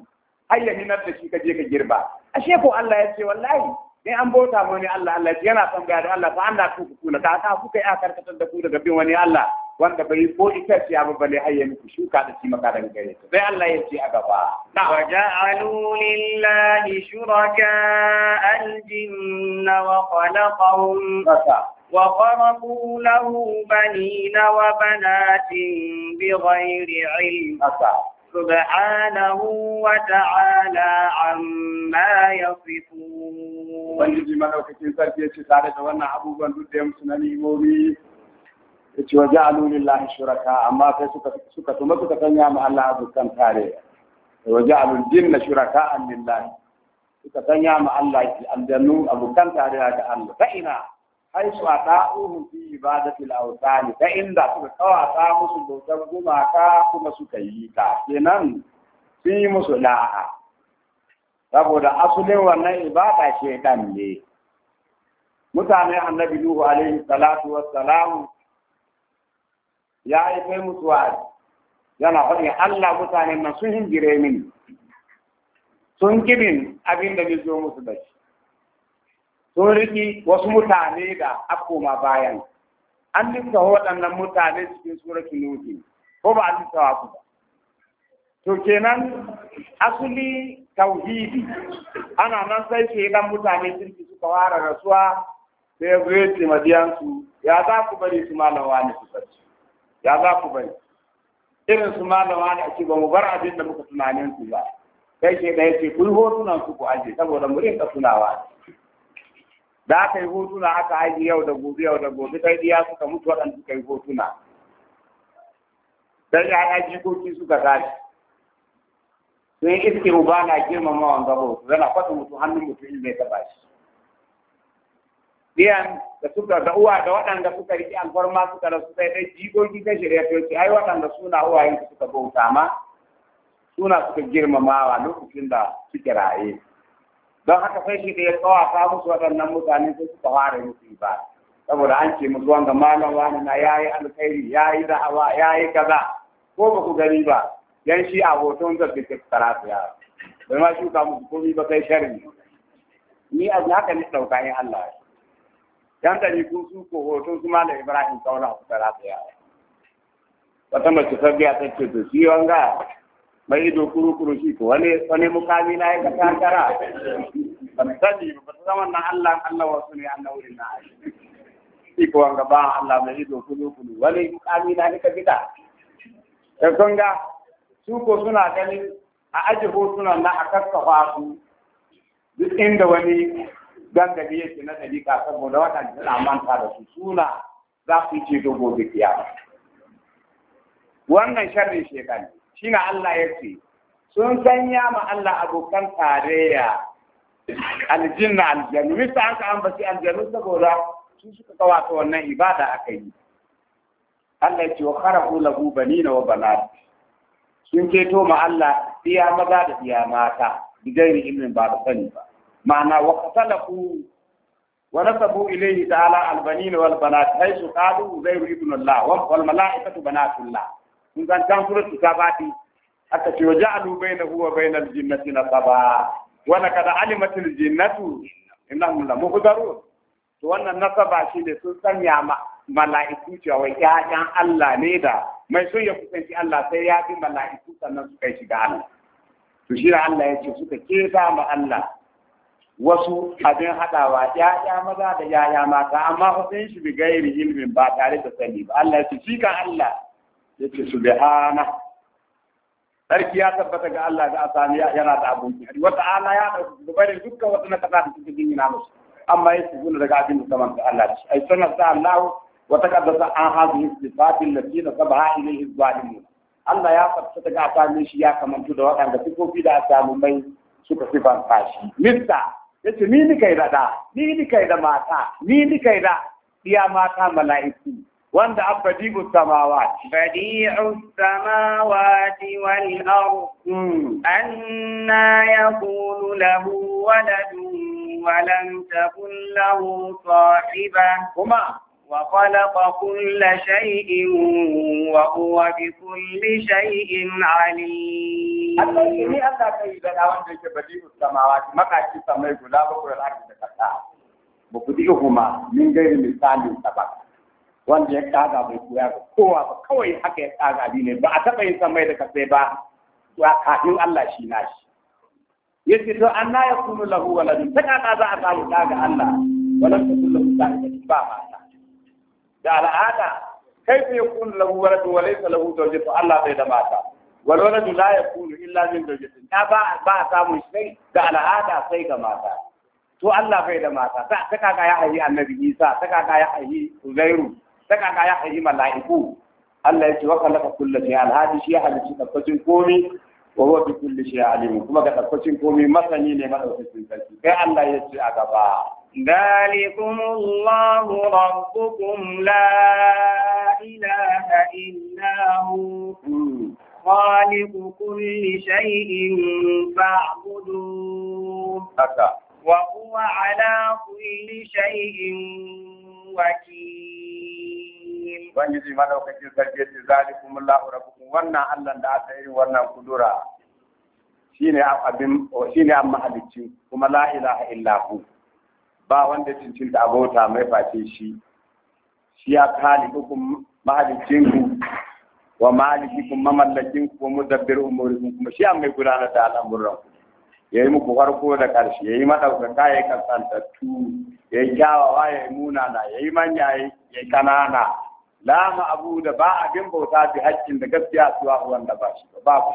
har ya hinar da shi ka je ka girba ashe ko Allah ya ce wallahi dai an bauta mu wani Allah Allah yana son gado Allah fa Allah ku ku na ka ka ku kai ka da ku daga bin wani Allah wanda bai ko ita ce abu bale a ya shuka da ci maka daga gare ta sai Allah ya ce a gaba wa ja'alu lillahi shuraka al-jinna wa khalaqahum وخرقوا له بنين وبنات بغير علم سبحانه وتعالى عما يصفون ubangiji madaukakin sarki ya ce tare da wannan abubuwan duk da yamsu na nimomi ya ce waje alunin lahi amma sai suka tuma suka sanya ma Allah abokan tare da waje alun jin na shuraka an ma Allah ta ina haisu a ɗa'uhun fi ibadatil awtani ta inda suka kawata musu bautar gumaka kuma suka yi ta kenan sun yi musu la'a saboda asulin wannan ibada ɗan ne mutane annabi nuhu alaihi salatu wassalam ya yi kai musu yana faɗin Allah mutane nan sun hingire mini sun kibin abin da zo musu da shi sun riƙi wasu mutane da akoma bayan an lissa waɗannan mutane cikin suratul nuhi ko ba a lissa wasu ba to kenan asuli tauhidi ana nan sai ke dan mutane kirki suka fara rasuwa sai ya zuwe ya madiyansu ya za ku bari su malawa ne su sarci ya za ku bari irin su malawa ne ake ba mu bar abin da muka tunanin su ba kai ke da yake kun hotunan su ku aje saboda mu rinka tunawa da aka yi hotuna aka aji yau da gobe yau da gobe sai diya suka mutu waɗanda suka yi hotuna sai ya'ya jikoki suka tashi sun yi iske uba na girmama wanga hoto yana kwata mutu hannun mutum in zai taɓa shi biyan da suka da uwa da waɗanda suka riƙe alfarma suka rasu sai dai jikoki ta shirya ta ce ai waɗanda suna uwayen suka bauta ma suna suka girmamawa lokacin da suke raye don haka sai shi da ya tsawata musu waɗannan mutane sai suka fara musu ba saboda an ce musu wanga malam wani na yayi alkhairi yayi da'awa yayi kaza ko ba ku gani ba yan shi a hoton ta ke karatu ya bai ma shuka musu komai ba kai sharri ni a haka ni dauka in Allah dan da ni ko su ko hoton su malam Ibrahim kaula ku karatu ya wata mace sabbiya ta ce to shi wanga mai ido kuru kuru shi ko wani wani mukami na ya takara ba ta sani ba ta zama na Allah Allah wasu ne Allah wurin na shi ko wanga ba Allah mai ido kuru kuru wani mukami na ya fita da kun ga su ko suna ganin a aji suna na a kakkafa su duk inda wani gangabi yake na dalika saboda waɗanda suna manta da su suna za su ce dogo da kiyama wannan sharrin shekani shi na Allah ya ce sun sanya ma Allah abokan tarayya aljinna aljanu mista an ka ambaci aljanu saboda su suka kawata wannan ibada aka yi Allah ya ce wa kharaqu lahu na wa banat sun ceto ma Allah iya maza da iya mata bigairi ilmin ba da sani ba ma'ana wa qatalaku wa nasabu ilayhi ta'ala albanina wal banat haythu qalu zairu ibn Allah wal bana banatullah kun san kan suratu ta bai aka ce waja'alu bainahu wa bainal jinnati nasaba wa laqad alimatil jinnatu innahum la muhdarun to wannan nasaba shi ne sun sanya ma mala'iku cewa ƴaƴan Allah ne da mai su ya kusanci Allah sai ya bi mala'iku sannan su kai shiga Allah to shi da Allah ya ce suka keta ma Allah wasu abin haɗawa ‘ya'ya maza da ‘ya'ya mata, amma sun shi bi gairi ilimin ba tare da sani ba. Allah ce, shi kan Allah yace subhana sarki ya tabbata ga Allah da asani yana da abun kari wata ala ya da barin dukkan wata na kada su suke yana musu amma ya su guna daga abin da saman da Allah shi ai sanar da Allah wa taqaddasa an hadhihi sifatin lati sabaha ilayhi zalim Allah ya tabbata ga asani shi ya kamantu da waɗanda sifofi da asani mai suka sifanta shi mista yace ni ni kai da ni ni kai da mata ni ni kai da iya mata mala'iku wanda an badi'u samawati badi'u samawati wal ard hmm. anna yakunu lahu waladun wa lam takun lahu sahiba kuma وخلق كل شيء وهو بكل شيء عليم الله يني الله كاي دا wanda yake badi samawati makaci samai guda bakwai al'ardi da kasa ba ku diga kuma min gairi misalin sabaka wanda ya kaga bai koya ga kowa ba kawai haka ya kaga bi ne ba a taɓa yin samai da kasai ba wa kafin Allah shi na shi yace to an na yakunu lahu waladun ta kaga za a samu kaga Allah walan takun lahu sa'ida ba ba ta da al'ada kai fa yakunu lahu waladun wa laysa lahu zawjatu Allah bai da mata wal waladu la yakunu illa min zawjatin ta ba ba samu sai da al'ada sai ga mata to Allah bai da mata ta kaga ya haihi annabi Isa ta kaga ya haihi Uzairu saka ga ya hayi mala'iku Allah ya ce wa khalaqa kullu shay'in alhadi shi halici da kwacin komi. wa huwa bi kulli shay'in alim kuma ga kwacin komai masani ne madaukakin sarki kai Allah ya ce a gaba ذلكم الله ربكم لا إله إلا هو خالق كل شيء فاعبدوه وهو على كل شيء وكيل الرحيم ونجي ما لو كتير كتير ذلكم الله ربكم وانا الله دا تيري وانا قدرا shine abin shine an mahalicci kuma la ilaha illa hu ba wanda cincin da abota mai face shi shi ya kali hukum mahalicin ku wa malikikum mamallakin ku wa mudabbir umurikum kuma shi an mai gudanar da al'amuran ku yi muku farko da karshe yayi ya yi kasantattu yayi kyawawa yi munana yayi manya yi ƙanana. la abu da ba abin bauta bi haƙƙin da gaskiya suwa wanda ba shi ba ku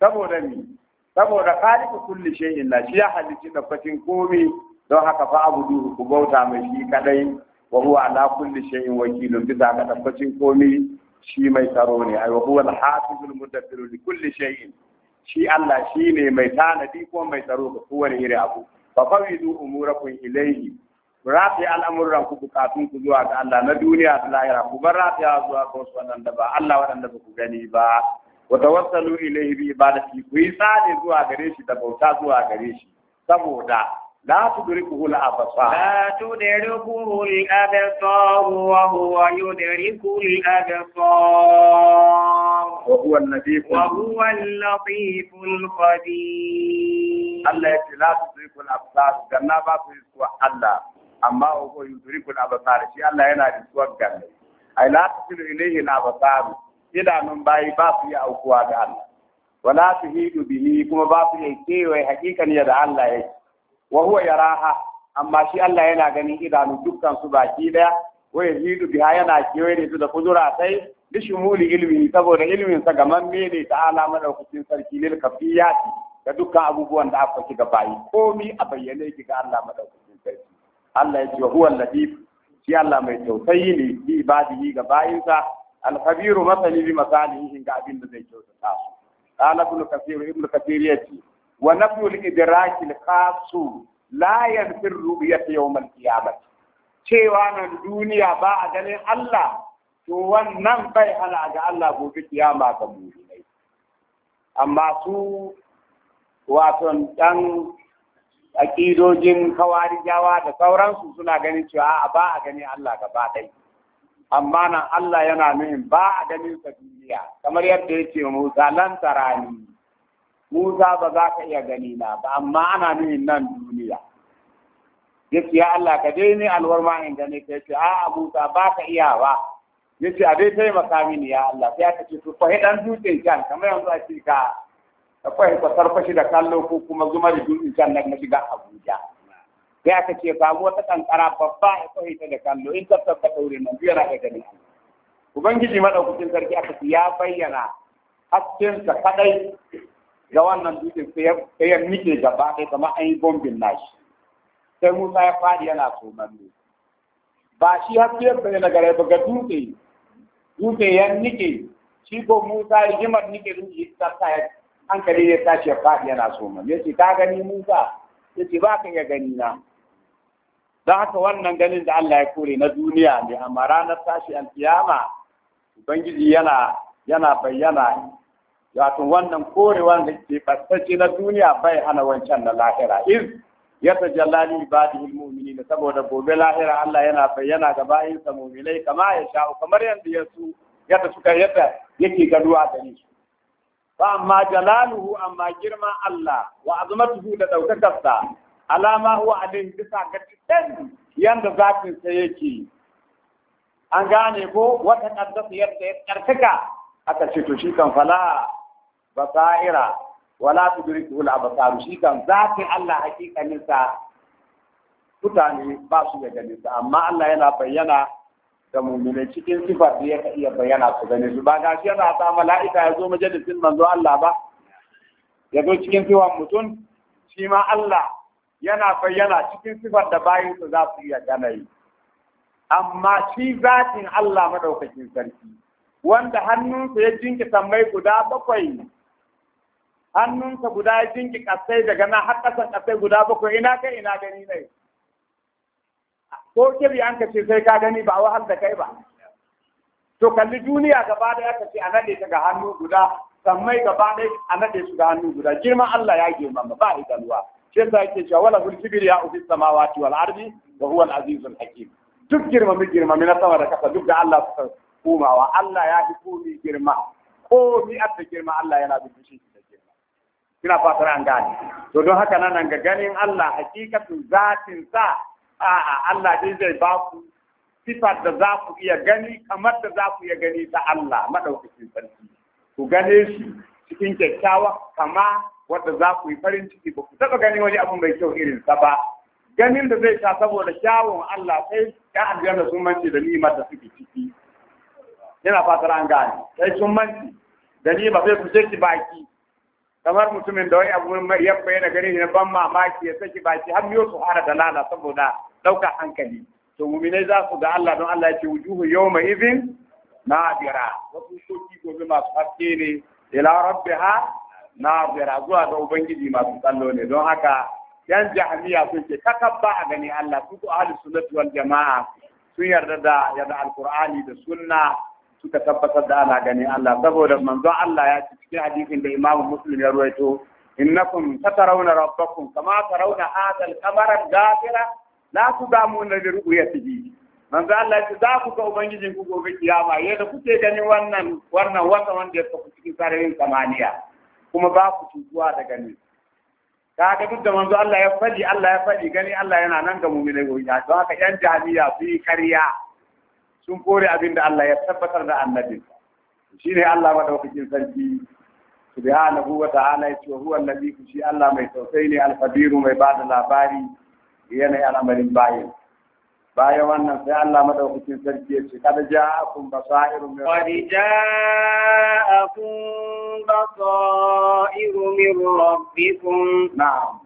saboda ni saboda khaliqu kulli shay'in la shi ya halici da fatin komai don haka fa abudu ku bauta mai shi kadai wa huwa ala kulli shay'in wakilun bisa ga fatin komai shi mai tsaro ne ai wa huwa al-hafizul mudabbiru li kulli shay'in shi Allah shi ne mai tanadi ko mai tsaro ga kowane iri abu fa fawidu umurakum ilayhi rafi al'amuran ku bukatun ku zuwa ga Allah na duniya da lahira ku bar a zuwa ga wasu waɗanda ba Allah waɗanda ba ku gani ba Wata wa tawassalu ilayhi bi ibadati ku yi tsani zuwa gare shi da bauta zuwa gare shi saboda la tudrikuhu al-absar la tudrikuhu al-absar wa huwa yudriku al-absar wa huwa al-latif wa huwa al-latif al-qadir Allah ya ce tilatu tudrikuhu al-absar ganna ba su Allah amma wa huwa yudriku al-absar shi Allah yana da suwar ay ai la tasilu ilayhi al-absar idanun bayi ba su yi Allah wala tuhidu bihi kuma ba ya yi hakika ni ya da Allah yake wa huwa yaraha amma shi Allah yana ganin ila dukkan su baki daya wa yazidu biha yana kewaye da su da kudura sai bi shumuli ilmi saboda ilmin sa gaman mene ta alama da hukuncin sarki lil kafiyati da dukkan abubuwan da aka ci ga bayi komi a bayyane ki ga Allah madaukaki Allah ya ce wa huwa latif shi Allah mai tausayi ne bi ibadihi ga bayinsa al-khabiru masani bi masalihi ga abin da zai kyautata su qala ibn kathir ibn kathir yace wa nafyu al-idraki al-khass la yanfir ru'yat yawm al-qiyamah cewa nan duniya ba a ganin Allah to wannan bai hana ga Allah gobe kiyama ga mu amma su waton dan akidojin kawarijawa da sauransu suna ganin cewa a ba a gani Allah gaba ɗai. amma nan Allah yana nuhin ba a ganin sa duniya kamar yadda ya ce Musa lan tarani Musa ba za ka iya gani na ba amma ana nuhin nan duniya yace ya Allah ka dai ni ma in gane ka yace a Musa ba ka iya ba yace a dai taimaka mini ya Allah sai aka ce to fa hidan dutsen kan kamar yanzu a ce ka akwai ka sarfashi da kallo ko kuma zuma da dutsen can nan na shiga Abuja. Sai aka ce ka wata kankara babba ya kwahi ta da kallo in ka tsaka wurin nan biyar aka gani. Ubangiji madaukakin sarki aka ce ya bayyana haskensa kadai ga wannan dutsen sai ya nike gaba ɗaya kamar an yi bombin nashi. Sai Musa ya faɗi yana tsomanni. Ba shi haskensa ne na gare ba ga dutse. Dutse ya nike shi ko Musa ya jimar nike dutse ya tsarta hankali ne ta ya faɗi yana so ya yace ka gani Musa yace ba ka ya gani na don haka wannan ganin da Allah ya kore na duniya ne amma ranar tashi alkiyama ubangiji yana yana bayyana wato wannan korewan da ke fasace na duniya bai hana wancan na lahira iz ya ibadi mu'mini ne, saboda gobe lahira Allah yana bayyana ga bayinsa mu'minai kama ya sha'u kamar yadda ya yadda suka yadda yake gaduwa da su fa amma jalaluhu amma girma Allah wa azmatuhu da daukakarsa alama huwa alin bisa ga yanda zatin sa yake an gane ko wata kaddasa yadda ya tsarkaka aka ce to shi kan fala basaira wala tudriku al shi kan zafin Allah hakikanin sa mutane ba su da ganin sa amma Allah yana bayyana da mummune cikin sifar da ya iya bayyana su gane su ba ga shi yana ta mala'ika ya zo majalisin manzo Allah ba ya zo cikin fiwan mutum shi ma Allah yana bayyana cikin sifar da bayin su za su iya gane amma shi zatin Allah madaukakin sarki wanda hannunsa ya jinki sammai guda bakwai hannunsa guda ya jinki kasai daga nan har kasan kasai guda bakwai ina kai ina gani ne ko kirri an ka ce sai ka gani ba wahal da kai ba to kalli duniya gaba da ka ce a nade ta ga hannu guda sammai gaba da a nade su ga hannu guda Girma Allah ya girmama ba idanuwa shi yasa yake cewa wala kibir ya fi samawati wal ardi wa huwa al azizul hakim duk girmami girma na sama da kasa duk da Allah su wa Allah ya fi komi girma komi abda girma Allah yana da fushi da girma kina fatar an gane to don haka nan ga ganin Allah hakikatun zatin sa a'a Allah dai zai ba ku sifar da za ku iya gani kamar da za ku iya gani ta Allah maɗaukakin sarki ku gane shi cikin kyakkyawa kama wadda za ku yi farin ciki ba ku taɓa gani wani abu mai kyau irin sa ba ganin da zai sa saboda kyawun Allah sai ya aljanna sun manci da nima da suke ciki yana fatar an gane sai sun manci da nima sai ku je ki baki kamar mutumin da wani abu ya bayyana gare shi na ban mamaki ya saki baki har yau su fara dalala saboda ɗaukar hankali to muminai za su ga Allah don Allah ya ce wujuhu yawma idhin nadira wasu shoki gobe masu haske ne ila rabbiha nadira zuwa ga ubangiji masu tsallo ne don haka yan jahamiya sun ce takabba a gani Allah su ko ahli sunnati wal jama'a sun yarda da yarda alqur'ani da sunna suka tabbatar da ana gani Allah saboda manzo Allah ya ci cikin hadisin da Imam Muslim ya ruwaito innakum satarawna rabbakum kama tarawna kamaran, al-qamara ghafira la tudamuna li ru'yatihi manzo Allah ya za ku ga ubangijin ku gobe kiyama yadda kuke gani wannan wannan wata wanda ya tafi cikin sararin samaniya kuma ba ku cutuwa da gani kaga duk da manzo Allah ya faɗi Allah ya faɗi gani Allah yana nan ga mu'minai ya don haka yan jahiliya su yi ƙarya sun kore abin da Allah ya tabbatar da annabin shi ne Allah madaukakin sarki subhanahu wa ta'ala yace wa huwa allazi shi Allah mai tausayi ne al-qadir mai bada labari yana al'amarin bayin bayan wannan sai Allah madaukakin sarki ya ce kada ja'akum basairu min qad ja'akum basairu min rabbikum na'am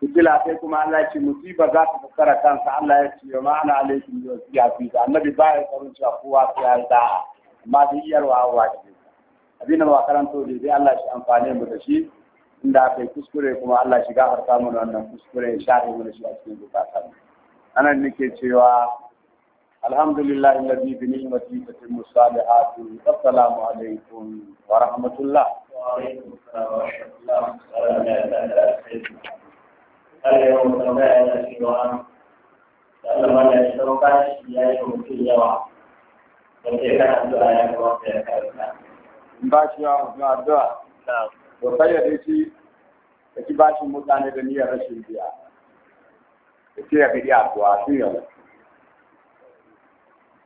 fitila sai kuma Allah ya ce musiba za ta fuskara kansa Allah ya ce wa ma'ana alaikum bi wasiya fi da annabi ba ya tsaron cewa kowa sai ya yi amma da iyarwa hawa ce abin da ba karanto da sai Allah shi amfane mu da shi inda akai kuskure kuma Allah shi gafarta mana wannan kuskure ya shafe mana shi a cikin zukatan anan nake cewa alhamdulillah alladhi bi ni'mati tatimmu salihatu assalamu alaikum wa rahmatullah wa alaikum assalam wa rahmatullah اليوم كما أنا في وعم فلما نشتوك يجب في الجوع وكيف نحن دعا يقوم في الكلام باش يا عم الدعا وطيا ديسي اكي باش مدانة دنيا رشيد يا اكي اكي يا عبد وعشي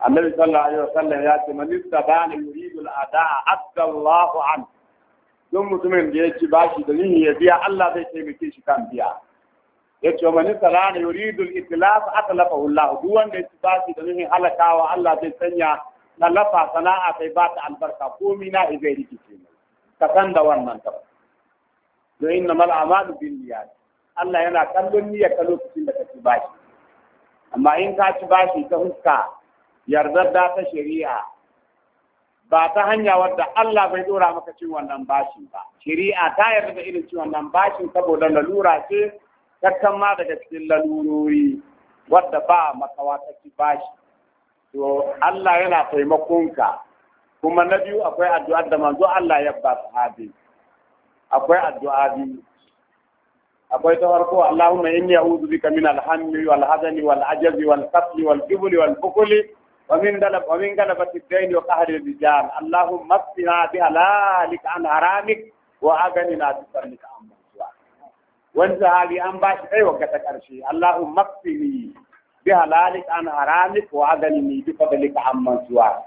النبي صلى الله عليه وسلم يأتي من التبان يريد الأداء عبد الله عنه ثم تمن جيش باشي دليني يبيع الله بيتي مكيش كان بيع ya ce wa nisa rana yuridul itilaf aka lafa hula. duk wanda ya ba shi da nufin halakawa Allah zai sanya na lafa sana'a kai ba ta albarka komi na zai rikice ne ka san da wannan ta don inna mal amalu bin niyyat Allah yana kallon niyyar ka lokacin da ka ci bashi amma in ka ci bashi ta huska yardar da ta shari'a ba ta hanya wadda Allah bai dora maka cin wannan bashin ba shari'a ta yarda da irin cin wannan bashin saboda lalura ce kakkan ma daga cikin lalurori wadda ba makawa ta bashi to Allah yana taimakonka kuma na biyu akwai addu'a da manzo Allah ya ba sahabi akwai addu'a biyu akwai ta farko Allahumma inni a'udhu bika min al-hammi wal hazani wal ajazi wal qatli wal jubli wal bukli ومن غلب ومن غلبة الدين وقهر الرجال اللهم اقنا بهلالك عن حرامك وأغننا بفضلك عن وانزها لي انباش اي أيوة وقت ارشي اللهم اقفني بهلالك عن حرامك وعدلني بفضلك عن من سواك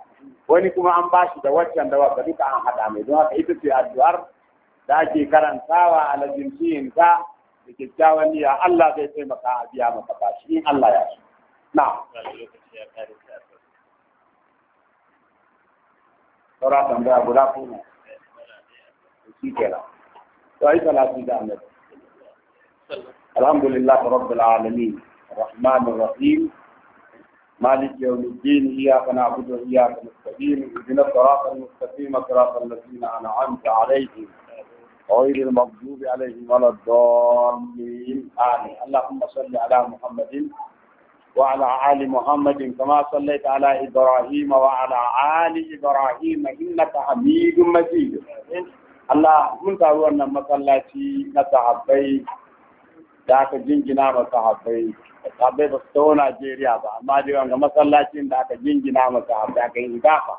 واني كما انباش دواتي عن دواتي دواتي عن حرامي دواتي حيثتي الدوار داكي كران ساوى على جنسين كا لكتاواني يا الله ذي في مقاعد يا مقاعد الله يا شو نعم Orang tambah berapa pun, sih kira. Tapi kalau tidak, الحمد لله رب العالمين الرحمن الرحيم مالك يوم الدين إياك نعبد وإياك نستقيم اهدنا الصراط المستقيم صراط الذين أنعمت عليهم غير المغضوب عليهم ولا الضالين آمين اللهم صل على محمد وعلى آل محمد كما صليت على إبراهيم وعلى آل إبراهيم إنك حميد مجيد الله من تعالى مسلاتي نتعبيك da aka jingina ma sahabbai sahabbai ba su tawo Najeriya ba amma dai ga masallacin da aka jingina ma sahabbai aka yi gafa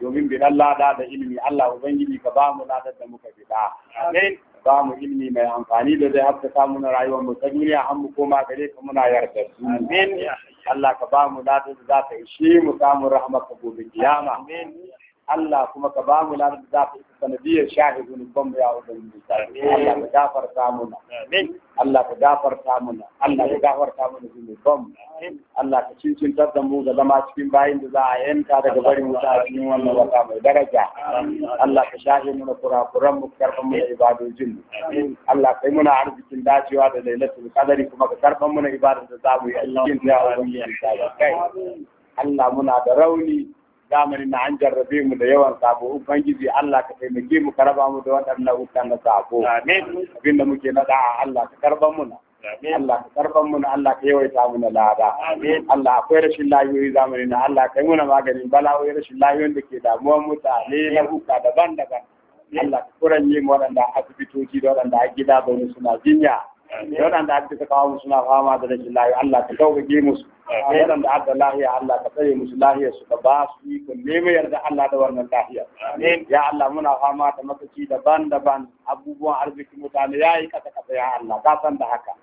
domin bidan lada da ilimi Allah ubangiji ka ba mu lada da muka fita amin ba mu ilimi mai amfani da zai samu na rayuwar mu ta duniya an mu koma gare ka muna yarda amin Allah ka ba mu lada da za ta ishe mu samu rahama ka gobe kiyama Allah kuma ka ba mu lanar da ka isa sanadiyar shahidun ban mu ya ubangiji Allah ka gafarta muna Allah ka gafarta muna Allah ka gafarta muna zunuban Allah ka cincintar da mu ga zama cikin bayin da za a yanka daga bari wuta a cikin wannan wata mai daraja Allah ka shahi muna kurakuran mu karfan mu da ibadojin Amin. Allah ka yi muna arzikin dacewa da lailatul qadari kuma ka karfan muna ibadar da za mu yi a cikin ya ubangiji Allah muna da rauni zamanin na an jarrabe mu da yawan sabo ubangiji Allah ka taimake mu karaba mu da waɗannan hutan na sabo amin abin da muke nada a Allah ka karban mu na Allah ka karban mu na Allah ka yawaita mu na lada amin Allah akwai rashin lahiyoyi zamanin na Allah kai mu na maganin bala'o'i rashin lahiyoyin da ke damuwar mutane na huta daban-daban Allah ka kuranye mu waɗanda asibitoci da waɗanda a gida zaune suna jinya waɗanda an ta kawo suna fama da rashin lahiya Allah ka sauƙaƙe musu waɗanda an lahiya Allah ka tsaye musu lahiya su ka ba su ikon neman yarda Allah da wannan lahiya ya Allah muna fama da matsaci daban-daban abubuwan arziki mutane ya yi kasa kasa ya Allah ka san da haka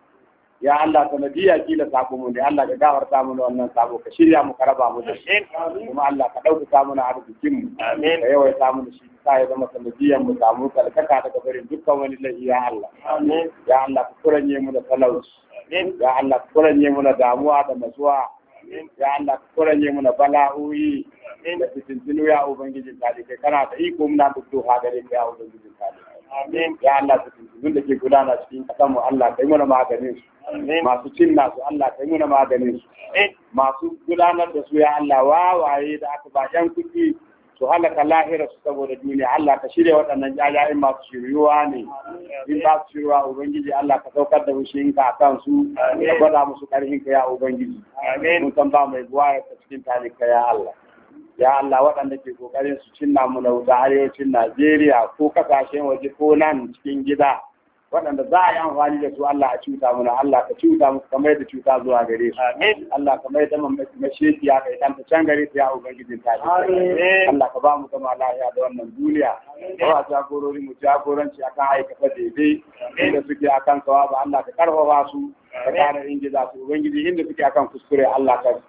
ya Allah sanadiyya kila sabo mu ne Allah ka ta mu wannan sabo ka shirya mu ka raba mu da shi kuma Allah ka ta mu na arzikin mu amin ka ta mu shi sa ya zama sanadiyyan mu samu kalkaka daga barin dukkan wani lahi ya Allah amin ya Allah ka kuranye mu da talauci amin ya Allah ka kuranye mu da damuwa da matsuwa ya Allah ka kuranye mu da bala'o'i da fitintinu ya ubangijin talibai kana da iko muna duk doka gare ka ya ubangijin talibai Amin. ya Allah su tuntun da ke gudana cikin kasanmu Allah kai muna maganin su masu cin nasu Allah kai muna maganin su masu gudanar da su ya Allah wawaye da aka ba yan kuɗi su halaka lahira su saboda duniya Allah ka shirya waɗannan jajayen masu shiryuwa ne in ba su shiryuwa ubangiji Allah ka saukar da wushin ka kan su ka gwada musu ƙarfin ka ya ubangiji mun san ba mai buwa ya cikin talikai ya Allah ya Allah waɗanda ke ƙoƙarin su cinna mu na wuta arewacin Najeriya ko ƙasashen waje ko nan cikin gida waɗanda za a yi amfani da su Allah a cuta mu na Allah ka cuta mu kamar da cuta zuwa gare su Allah ka mai da ya kai kanta can gare su ya ubangijin ta Allah ka ba mu zama lafiya da wannan duniya ba jagorori mu jagoranci akan aikata daidai inda suke akan kawa ba Allah ka karfafa su ka in ingiza su ubangiji inda suke akan kuskure Allah ka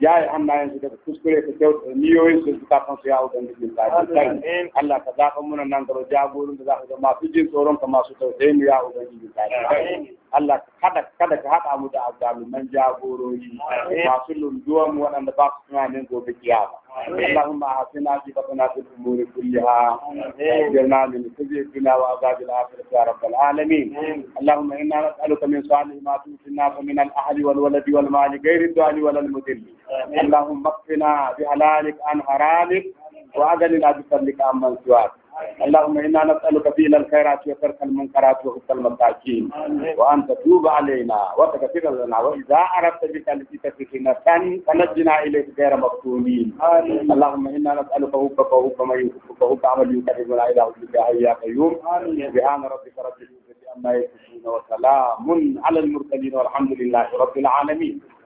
ya yi yanzu daga kuskure ka kyauta niyoyin su suka kan su ya hau don dukkan tsari Allah ka zaɓa muna nan garo jagorin da za ka zama masu jin tsoron ka masu tausayin ya hau don dukkan tsari Allah kada kada ka haɗa mu da azaluman jagorori masu lunduwan waɗanda ba su tunanin gobe kiyama اللهم اعطنا عاقبتنا في الامور كلها واجرنا من خزي الدنيا وعذاب الاخره يا رب العالمين اللهم انا نسالك من صالح ما تؤتنا فمن الاهل والولد والمال غير الدعاء ولا المدل اللهم اكفنا بحلالك عن حرامك واغننا بفضلك عمن سواك اللهم انا نسالك فينا الخيرات وترك المنكرات وحب المساكين وان تتوب علينا وتغفر لنا واذا اردت بك لتفتنا فنجنا اليك غير مفتونين اللهم انا نسالك حبك وحب من يحبك وحب عمل يقربنا الى حبك يا قيوم سبحان ربك رب العزه عما يصفون وسلام على المرسلين والحمد لله رب العالمين